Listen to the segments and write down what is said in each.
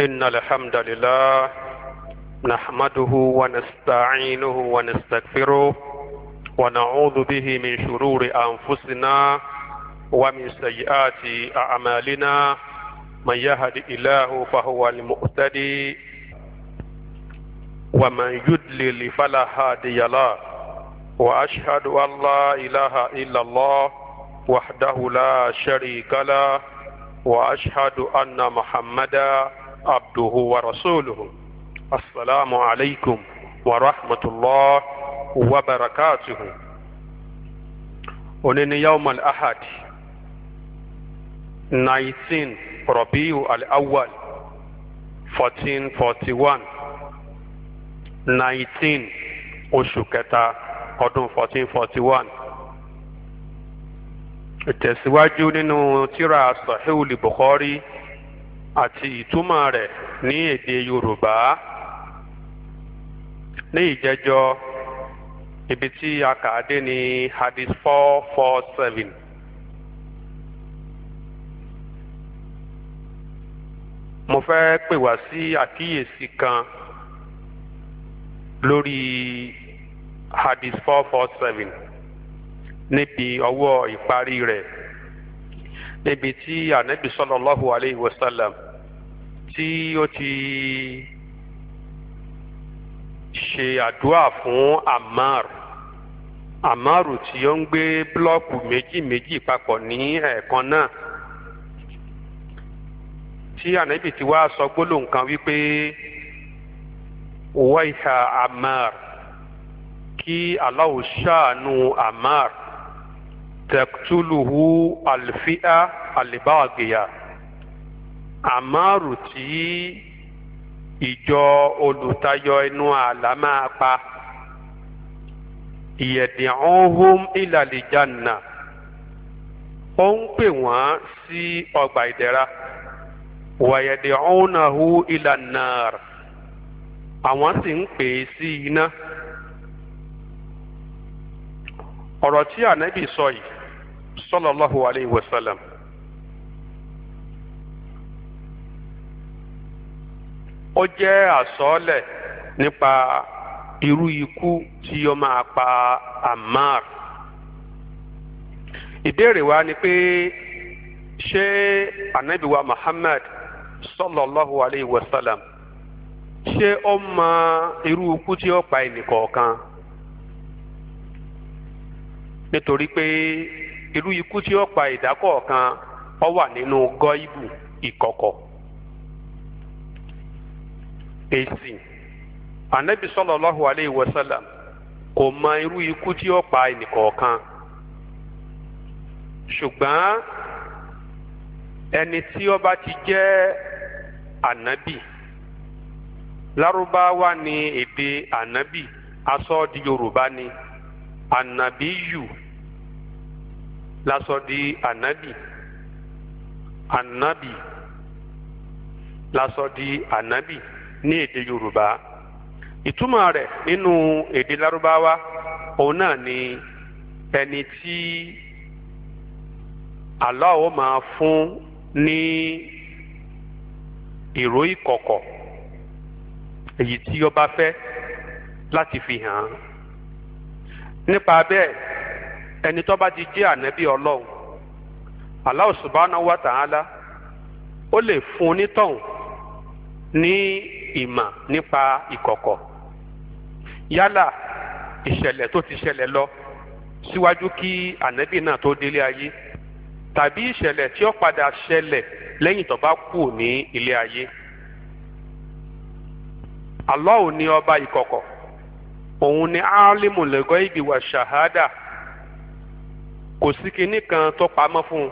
إن الحمد لله نحمده ونستعينه ونستغفره ونعوذ به من شرور أنفسنا ومن سيئات أعمالنا من يهد الله فهو المؤتدي ومن يدلل فلا هادي له وأشهد أن لا إله إلا الله وحده لا شريك له وأشهد أن محمدا عبده ورسوله السلام عليكم ورحمة الله وبركاته ونين يوم الأحد 19 ربيع الأول 1441 19 oṣù kẹta ọdún 1441 ìtẹ̀síwájú nínú tírà Sahihul Bukhari àti ìtumọ̀ rẹ̀ ní èdè Yorùbá ní ìjẹjọ ibi tí a kà á dé ní hadith four four seven. mo fẹ́ pè wá sí àkíyèsí kan lórí hadith four four seven níbi ọwọ́ ìparí rẹ̀ níbi tí anabi sallallahu alayhi wa sallam. tí ó ti ṣe àdúrà fún Ammar Ammar tí ó ń gbé búlọ́ọ̀kù méjì méjì papọ̀ ní ẹ̀ẹ̀kan náà tí ànábì ti wá sọ gbólóhùn kan wípé wáìhà Ammar kí Allah ṣàánú Ammar taqtuluhu àlùfíà àlìbáàgìyà. àmárù tí ìjọ olùtayọ inú àlá máa pa ìyẹ̀dìhóhùn ìlàlìjànà ó ń pè wọ́n sí ọgbà ìdẹ̀ra wàyẹ̀dìhónàhù ìlànà àwọn sì ń pè é sí iná ọ̀rọ̀ tí ànábì sọ yìí sallallahu alayhi ó jẹ́ àsọọ́lẹ̀ nípa irú ikú tí ó máa pa amar ìbéèrè wa ni pé ṣé anabiwa Muhammad sallallahu alayhi wa sallam ṣé ó ma irú ikú tí ó pa ẹnìkọ̀ọ̀kan nítorí pé irú ikú tí ó pa ìdákọ̀ọ̀kan ó wà nínú gọ́ìbù ìkọ̀kọ̀. Esi, anabi sallallahu alayhi wa sallam kò mọ irú ikú tí ó pa ẹnìkọ̀ọ̀kan ṣùgbọ́n ẹni tí ó bá ti jẹ́ ànábì lárúbáwá ni èdè ànábì asọ́ di yorùbá ni ànábì yù lasọ́ di ànábì ànábì lasọ́ di ànábì. ní èdè yorùbá ìtumọ̀ rẹ̀ nínú èdè Larubawa, òun náà ni ẹni tí Allah fun máa fún ní ìró ìkọ̀kọ̀ èyí tí ó bá fẹ́ láti fi hàn án nípa bẹ́ẹ̀ ẹni tó bá ti jẹ́ ànábì ọlọ́run Allah subhanahu wa ta'ala ó lè fún onítọ̀hún ní ìmà nípa ìkọ̀kọ̀ yálà ìṣẹ̀lẹ̀ tó ti ṣẹlẹ̀ lọ síwájú kí ànábì náà tó délé ayé tàbí ìṣẹ̀lẹ̀ tí ó padà ṣẹlẹ̀ lẹ́yìn tó bá kù ní ilé ayé Allah ni ọba ìkọ̀kọ̀ òun ni lẹ́gọ́ ibi wà ṣàhádà kò sí kinní kan tó fún un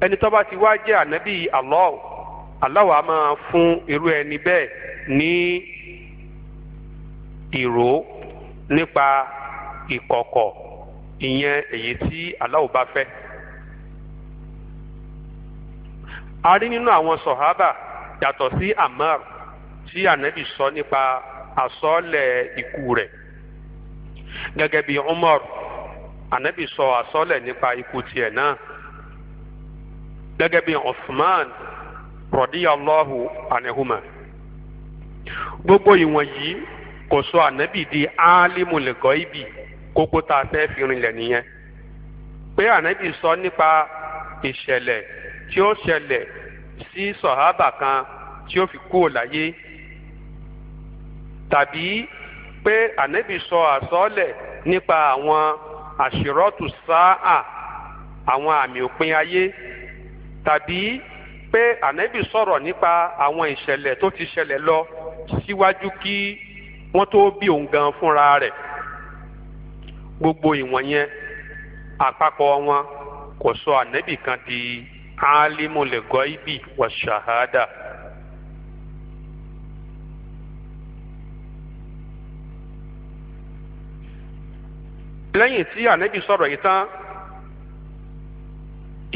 ẹni tó bá ti wá jẹ́ ànábì aláwọ̀ a máa fún irú ẹni bẹ́ẹ̀ ní ìró nípa ìkọ̀kọ̀ ìyẹn èyí tí aláwọ̀ bá fẹ́. a rí nínú àwọn sọ̀hábà yàtọ̀ sí Ammar tí ànábì sọ nípa àsọ́ọ̀lẹ̀ ikú rẹ̀ gẹ́gẹ́ bí Umar ànábì sọ àsọ́ọ̀lẹ̀ nípa ikú tiẹ̀ náà gẹ́gẹ́ bí Uthman radiyallahu anhuma gbogbo ìwọ̀nyí kò sọ ànábì di alimul ghaibi kókó tá a fẹ́ fi rinlẹ̀ nìyẹn pé ànábì sọ nípa ìṣẹ̀lẹ̀ tí ó ṣẹlẹ̀ sí sọ̀hábà kan tí ó fi kúrò láyé tàbí pé ànábì sọ àsọ́ọ̀lẹ̀ nípa àwọn àṣírọ́tù sáà àwọn àmì òpin ayé tàbí pé ànábì sọ̀rọ̀ nípa àwọn ìṣẹ̀lẹ̀ tó ti ṣẹlẹ̀ lọ síwájú kí wọ́n tó bí òun gan fúnra rẹ̀ gbogbo ìwọ̀n yẹn àpapọ̀ wọn kò sọ ànábì kan di alimulẹ̀gọ́ ibi wà ṣàhádà. lẹ́yìn tí ànábì sọ̀rọ̀ yìí tán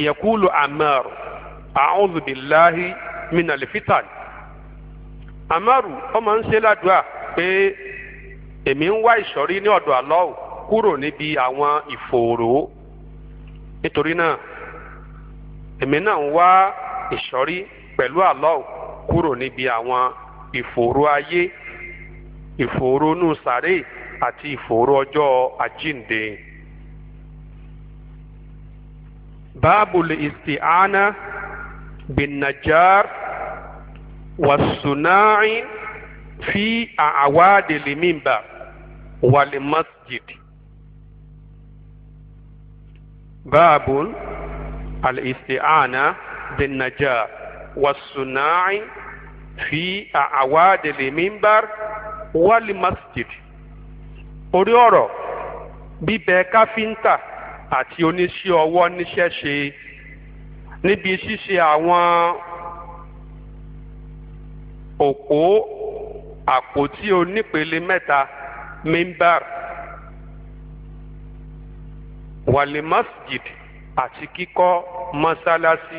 yẹ̀kúlù amẹ́rù. a'udhu billahi minal fitan amaru ọmọ ń ṣe ládùúà pé èmi ń wá ìsọ̀rí ní ọ̀dọ̀ Allah kúrò níbi àwọn ìfòòró nítorí náà náà ń wá ìsọ̀rí pẹ̀lú Allah kúrò níbi àwọn ìfòòró ayé ìfòòró بالنجار والصناع في أعواد المنبر والمسجد باب الاستعانة بالنجار والصناع في أعواد المنبر والمسجد orí ọ̀rọ̀ bíbẹ káfíńtà àti níbi ṣíṣe àwọn òpó àpótí onípele mẹ́ta mimbar wàlẹ masjid àti kíkọ́ mọ́sálásí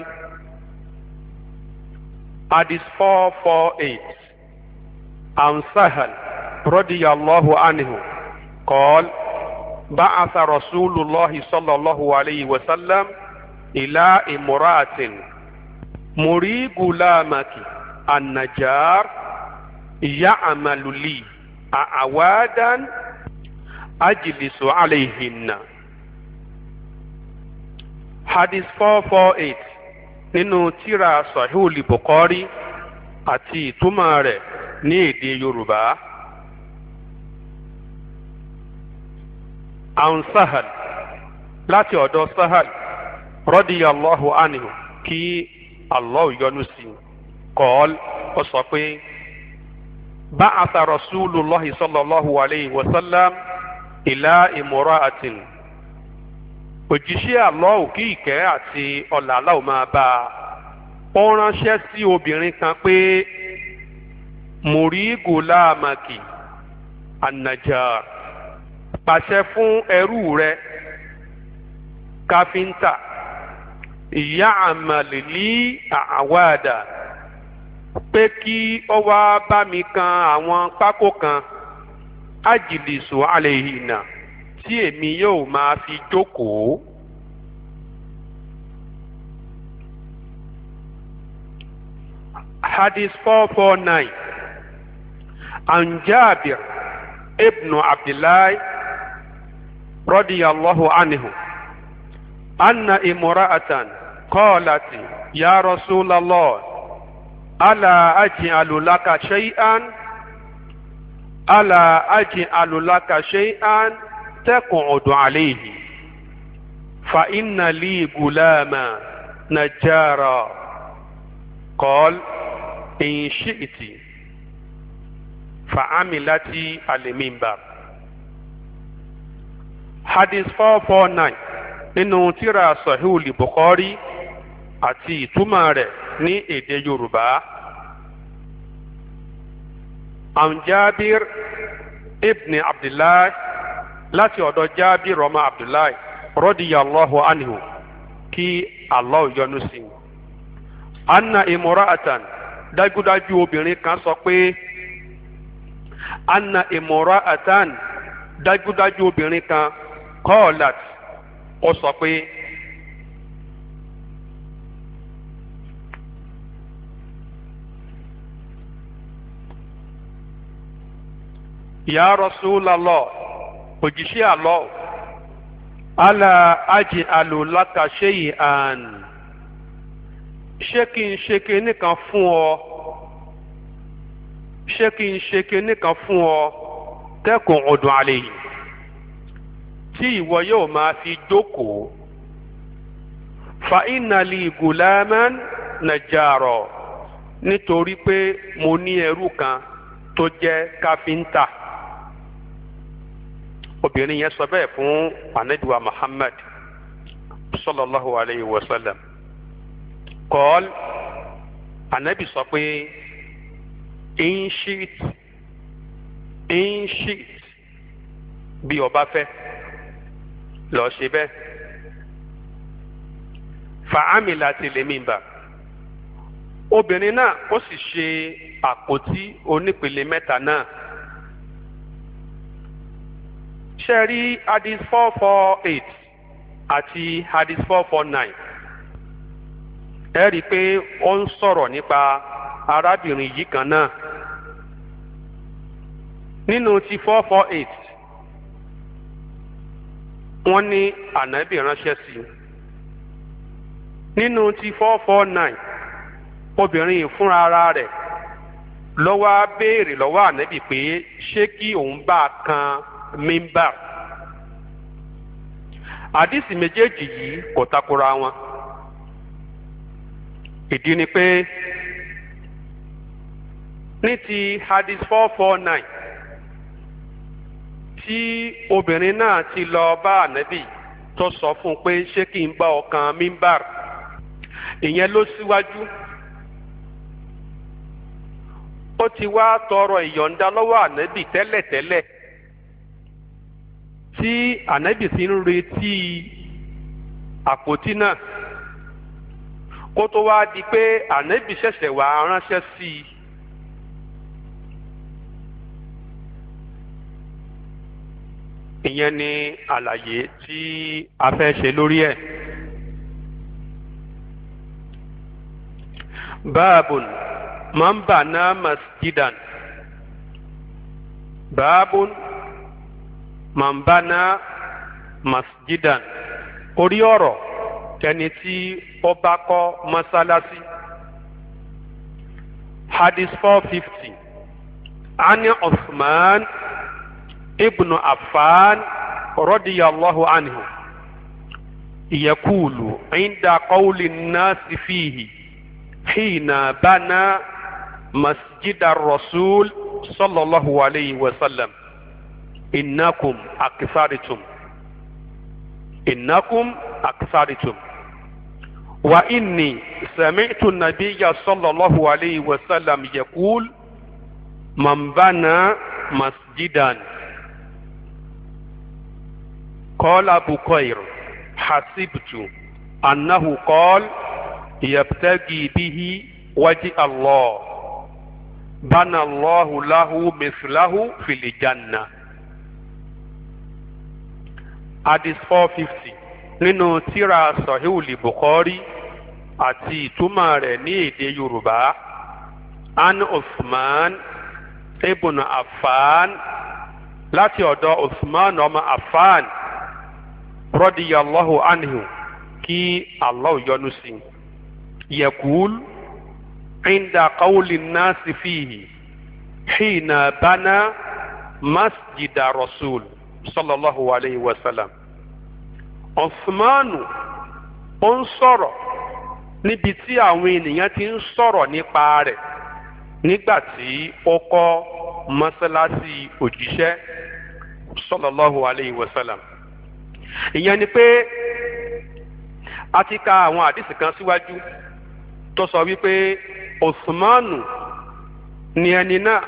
hadith four four eight ansahal radiyallahu anhu qol ba'atha rasulullahi sallallahu alayhi wa sallam. Ila imra'atin muri gulamaki annajar ìyá àmàlùlì àwàdàn ajilisu alayhinna. hadith four four eight nínú tírà sahihul bukhari àti Ituma rẹ̀ ní èdè yorùbá. an sahal láti ọ̀dọ̀ sahal. radiyallahu anhu kí allah yọ́nú sí kọ́ọ́l ó sọ pé ba'atha rasulullah sallallahu alayhi wa sallam ila imra'atin òjíṣẹ́ allah kí ìkẹ́ àti ọ̀là aláwọ̀ máa bá a ó ránṣẹ́ sí obìnrin kan pé muri gulamaki annajar pàṣẹ fún ẹrú rẹ káfíńtà yàmàlì ní àwàdà pé kí ọ wá bá mi kan àwọn pákó kan ajìlìsù alẹ́ tí èmi yóò máa fi jókòó. hadith four four nine an jabir ibnu abdullahi radiyallahu anhu anna Atan. kọ́ọ̀làtì ya Rasulallah ala aj'alu laka shay'an ala aj'alu laka shay'an taq'udu alayhi fa inna li gulama najjara qal in shi'ti fa'amilati al-minbar hadith four four nine nínú tírà sahihul bukhari. àti ìtumọ̀ rẹ̀ ní èdè Yorùbá. an Jabir ibn Abdullahi láti ọ̀dọ̀ Jabir ọmọ Abdullahi radiyallahu anhu kí Allah yọ́nú sí i. anna imura'atan dájúdájú obìnrin kan sọ pé anna imura'atan dájúdájú obìnrin kan qalat ó sọ pé. ya Rasulullah òjíṣẹ́ àlọ́ ala aj'alu laka shay'an ṣé kí n ṣe kinní kan fún ọ ṣé kí n ṣe kinní kan fún ọ tẹ́kùn ọdún àlè yìí tí ìwọ yóò máa fi jókòó fa inna li gulaman najjaro nítorí pé mo ní ẹrú kan tó jẹ káfíńtà. obìnrin yẹn sọ bẹ́ẹ̀ fún anabiwa muhammad sallallahu alayhi wa sallam kọ́ọ́l anabi sọ pé in shit in shit bí ọba fẹ́ lọ ṣe bẹ́ẹ̀ fàámìlà ti lè mìíràn obìnrin náà ó sì ṣe àpótí onípele mẹ́ta náà ṣe rí 448, four four eight àti hadith four four nine ẹ rí i pé ó ń sọ̀rọ̀ nípa arábìnrin yìí kan náà nínú ti four four eight wọ́n ní ànábì ránṣẹ́ sí i nínú ti four four nine obìnrin yìí fúnra ara rẹ̀ ló wá béèrè lọ́wọ́ ànábì pé ṣé kí òun bá a kan mimbar àdìsí méjèèjì yìí kò takora wọn ìdí ni pé ní ti hadith four four nine tí obìnrin náà ti lọ bá ànábì tó sọ fún un pé ṣé kí n bá ọkàn mimbar ìyẹn ló síwájú ó ti wá tọrọ ìyọ̀ǹda lọ́wọ́ ànábì tẹ́lẹ̀tẹ́lẹ̀ tí ànábì ti ń retí àpótí náà kó tó wá di pé ànábì ṣẹ̀ṣẹ̀ wá ránṣẹ́ sí i. ìyẹn ni àlàyé tí a fẹ́ ṣe lórí ẹ̀. báàbùn man bana masjidan báàbùn mambana masjidan orí ọ̀rọ̀ ẹni tí ó bá kọ́ mọ́sálásí hadith four fifty ani Uthman ibn Affan radiyallahu anhu yakulu inda qawli nasi fihi hina bana masjidar rasul sallallahu alayhi wa sallam. إنكم أكثرتم إنكم أكثرتم وإني سمعت النبي صلى الله عليه وسلم يقول من بنى مسجدا قال أبو كير حسبت أنه قال يبتغي به وجه الله بنى الله له مثله في الجنه hadith 450. fifty nínú tíra sahihuli bukhari àti ìtumọ̀ rẹ̀ ní èdè yorùbá an usman ibn affan láti ọ̀dọ̀ usman ọmọ affan rọ́díyàlọ́hù anhu kí allah yọ́nú sí yẹkùl inda qawli nasi fihi hina bana masjida rasul. sallallahu alayhi wa sallam ọ̀sùnmánù ó ń sọ̀rọ̀ níbi tí àwọn ènìyàn ti ń sọ̀rọ̀ nípa rẹ̀ nígbà tí ó kọ́ mọ́sálásí òjíṣẹ́ sallallahu alayhi wa ìyẹn ni pé a ka àwọn àdìsí kan síwájú tó sọ wípé ọ̀sùnmánù ni ẹni náà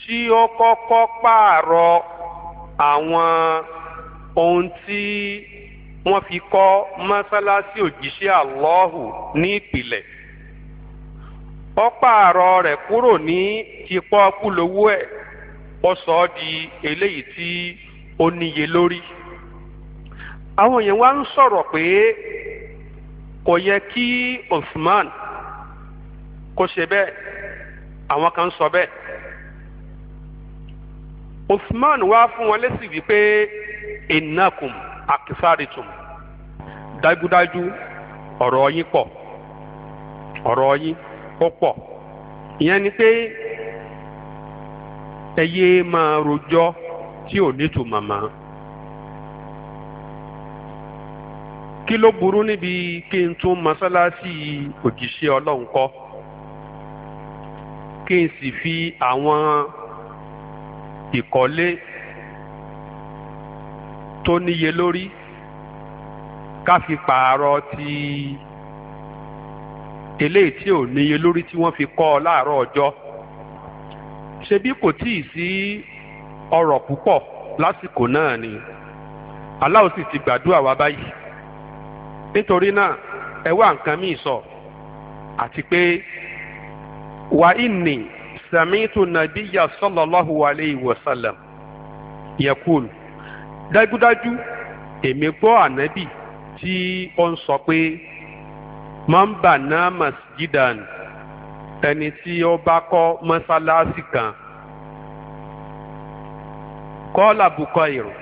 tí ó àwọn ohun tí wọ́n fi kọ́ mọ́sálásí òjíṣẹ́ àlọ́hù ní ìpìlẹ̀ ó pààrọ̀ rẹ̀ kúrò ní tipọ́ kúlówó ẹ̀ ó sọ ọ́ di eléyìí tí ó níye lórí àwọn èèyàn wá ń sọ̀rọ̀ pé kò yẹ kí Usman kó ṣe bẹ́ẹ̀ àwọn kan sọ bẹ́ẹ̀ usman wá fún wọn lésì wípé innakum akisaritum dájúdájú ọ̀rọ̀ yín pọ̀ ọ̀rọ̀ yín ó pọ̀ ìyẹn ni pé ẹ yéé máa rojọ́ tí ò ní tùmọ̀ mọ́ kí ló burú níbi kí n tún mọ́sálásí òjíṣẹ́ ọlọ́run kọ́ kí n sì fi àwọn ìkọ́lé tó níye lórí ká fi pààrọ̀ ti eléyìí tí ò níye lórí tí wọ́n fi kọ́ ọ láàárọ̀ ọjọ́ ṣebí kò tíì sí ọrọ̀ púpọ̀ lásìkò náà ni aláwo sì ti gbàdúrà wa báyìí nítorí náà ẹ wá nǹkan míì sọ àti pé wàá ìnì. النبي صلى الله عليه وسلم يقول: yakul dájúdájú èmi gbọ́ ànábì tí ó ń sọ pé man bana masjidan ẹni tí ó bá kọ́ mọ́sálásí kan kọ́lá bukọ́ìrù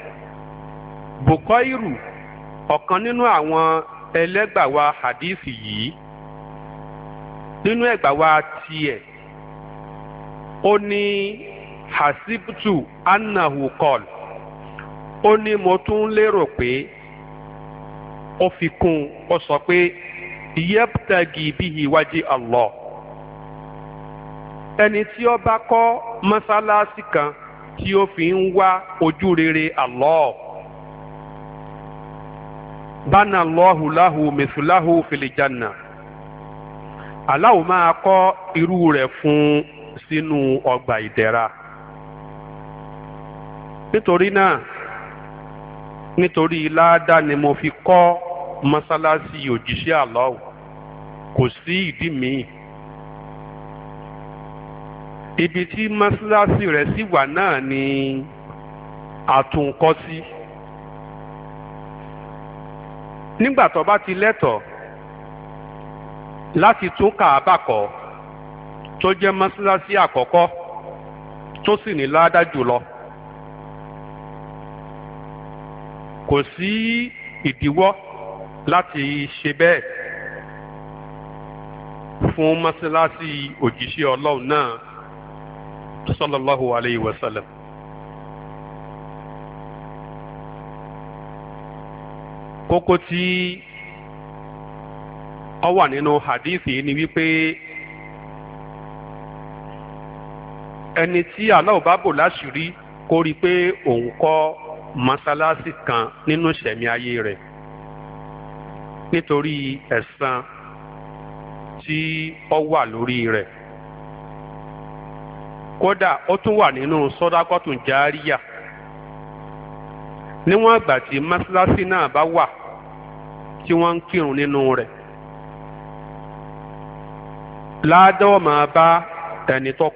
bukọ́ìrù ọ̀kan nínú àwọn ẹlẹ́gbàá wa hadisi yìí nínú ẹ̀gbàá wa tiẹ̀. ó ní hasibtu annahu kọl ó ní mo tún lérò pé ó fi kún ó sọ pé yabtagi bihi wájú Allah ẹni tí ó bá kọ́ mọ́sálásí kan tí ó fi ń wá ojú rere Allah bana Allahu lahu mithlahu fil janna Allah máa kọ́ irú rẹ̀ fún un. sínú ọgbà ìdẹ̀ra nítorí náà nítorí láàdá ni mo fi kọ́ mọ́sálásí òjíṣẹ́ àlọ́ọ̀ kò sí ìdí míì ibi tí mọ́sálásí rẹ̀ sì wà náà ni àtúnkọ́ sí nígbà tó bá ti lẹ́tọ̀ọ́ láti tún kàábà kọ́. tó jẹ́ mọ́sálásí àkọ́kọ́ tó sì ní ládá jùlọ kò sí ìdíwọ́ láti ṣe bẹ́ẹ̀ fún mọ́sálásí òjíṣẹ́ ọlọ́run náà sallallahu alayhi wa sallam. kókó tí ó wà nínú hadith yìí ni wípé ẹni tí aláwọ̀ bá bò láṣìírí kó rí i pé òun kọ́ mọ́sálásí kan nínú ìṣẹ̀mí ayé rẹ̀ nítorí ẹ̀san tí ó wà lórí rẹ̀ kódà ó tún wà nínú sọ́dákọ́tù járíyà níwọ̀n àgbà tí mọ́sálásí náà bá wà tí wọ́n ń kírun nínú rẹ̀ ládọ́ọ̀ bá ẹni tó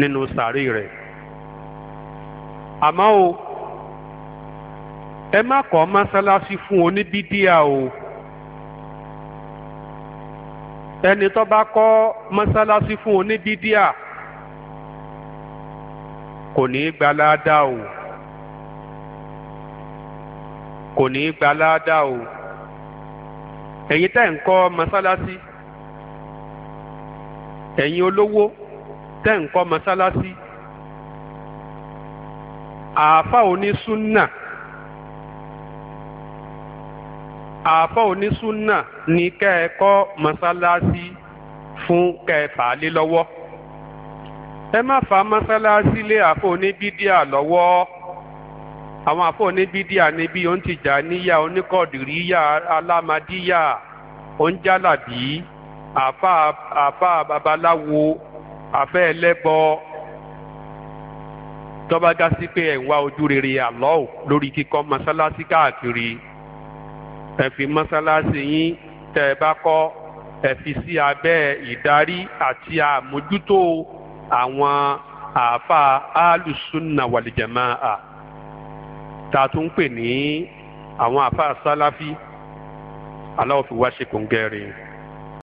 nínú sàárè rẹ̀ àmọ́ o ẹ má kọ́ mọ́sálásí fún oníbídíà o ẹni tó bá kọ́ mọ́sálásí fún oníbídíà kò ní í gba láàdá o kò ní í gba láàdá o ẹ̀yin tẹ́ ń kọ́ mọ́sálásí ẹ̀yin olówó tẹ́ ń kọ́ mọ́sálásí àáfà onísúnà àáfà onísúnà ní kẹ́ ẹ masalasi mọ́sálásí fún kẹ́ ẹ fà á lé lọ́wọ́ ẹ má fà mọ́sálásí lé àáfà oníbídíà lọ́wọ́ àwọn àáfà oníbídíà ni bí ó ń tìjà níyà oníkọ̀dìríyà alámadíyà oúnjálàbí àáfà àáfà babaláwo àfẹ́ ẹlẹ́bọ tọ́ba já sí pé ẹ̀ ń wá ojú rere àlọ́ọ̀ lórí kíkọ́ mọ́sálásí káàkiri ẹ fi mọ́sálásí yín tẹ́ ẹ bá kọ́ ẹ fi sí abẹ́ ìdarí àti àmójútó àwọn àáfàá alùsùnà wàlìjàmáà tá a tún ń pè ní àwọn àáfàá sálàfí aláwọ̀ fi wá ṣe kòǹgẹ́rin.